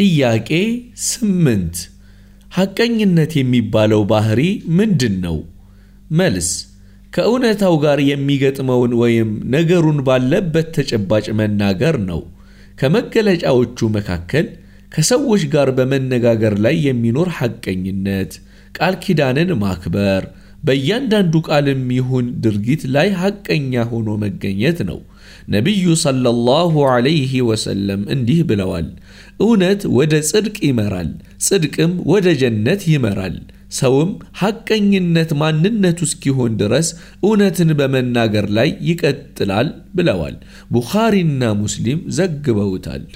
ጥያቄ ስምንት ሐቀኝነት የሚባለው ባህሪ ምንድን ነው? መልስ ከእውነታው ጋር የሚገጥመውን ወይም ነገሩን ባለበት ተጨባጭ መናገር ነው። ከመገለጫዎቹ መካከል ከሰዎች ጋር በመነጋገር ላይ የሚኖር ሐቀኝነት፣ ቃል ኪዳንን ማክበር፣ በእያንዳንዱ ቃልም ይሁን ድርጊት ላይ ሐቀኛ ሆኖ መገኘት ነው። ነቢዩ ሰለላሁ ዐለይሂ ወሰለም እንዲህ ብለዋል፣ እውነት ወደ ጽድቅ ይመራል፣ ጽድቅም ወደ ጀነት ይመራል። ሰውም ሐቀኝነት ማንነቱ እስኪሆን ድረስ እውነትን በመናገር ላይ ይቀጥላል ብለዋል። ቡኻሪና ሙስሊም ዘግበውታል።